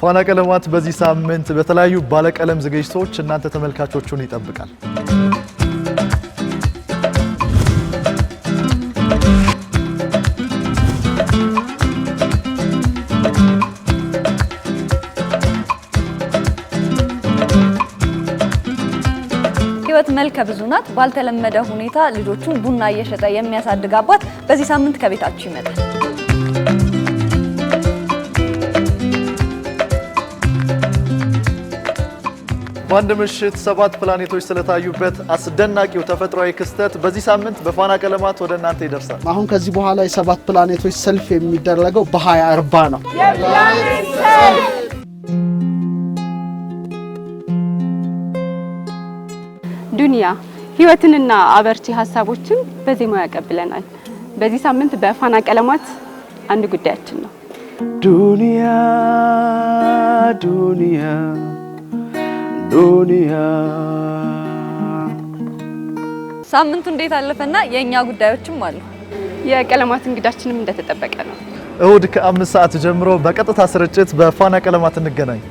ፋና ቀለማት በዚህ ሳምንት በተለያዩ ባለቀለም ዝግጅቶች እናንተ ተመልካቾቹን ይጠብቃል። ህይወት መልከ ብዙ ናት። ባልተለመደ ሁኔታ ልጆቹን ቡና እየሸጠ የሚያሳድግ አባት በዚህ ሳምንት ከቤታችሁ ይመጣል። በአንድ ምሽት ሰባት ፕላኔቶች ስለታዩበት አስደናቂው ተፈጥሯዊ ክስተት በዚህ ሳምንት በፋና ቀለማት ወደ እናንተ ይደርሳል። አሁን ከዚህ በኋላ የሰባት ፕላኔቶች ሰልፍ የሚደረገው በሀያ አርባ ነው። ዱንያ ህይወትንና አበርቺ ሀሳቦችን በዜማ ያቀብለናል። በዚህ ሳምንት በፋና ቀለማት አንድ ጉዳያችን ነው። ዱንያ ዱንያ ዱንያ። ሳምንቱ እንዴት አለፈና የእኛ ጉዳዮችም አሉ። የቀለማት እንግዳችንም እንደተጠበቀ ነው። እሁድ ከአምስት ሰዓት ጀምሮ በቀጥታ ስርጭት በፋና ቀለማት እንገናኝ።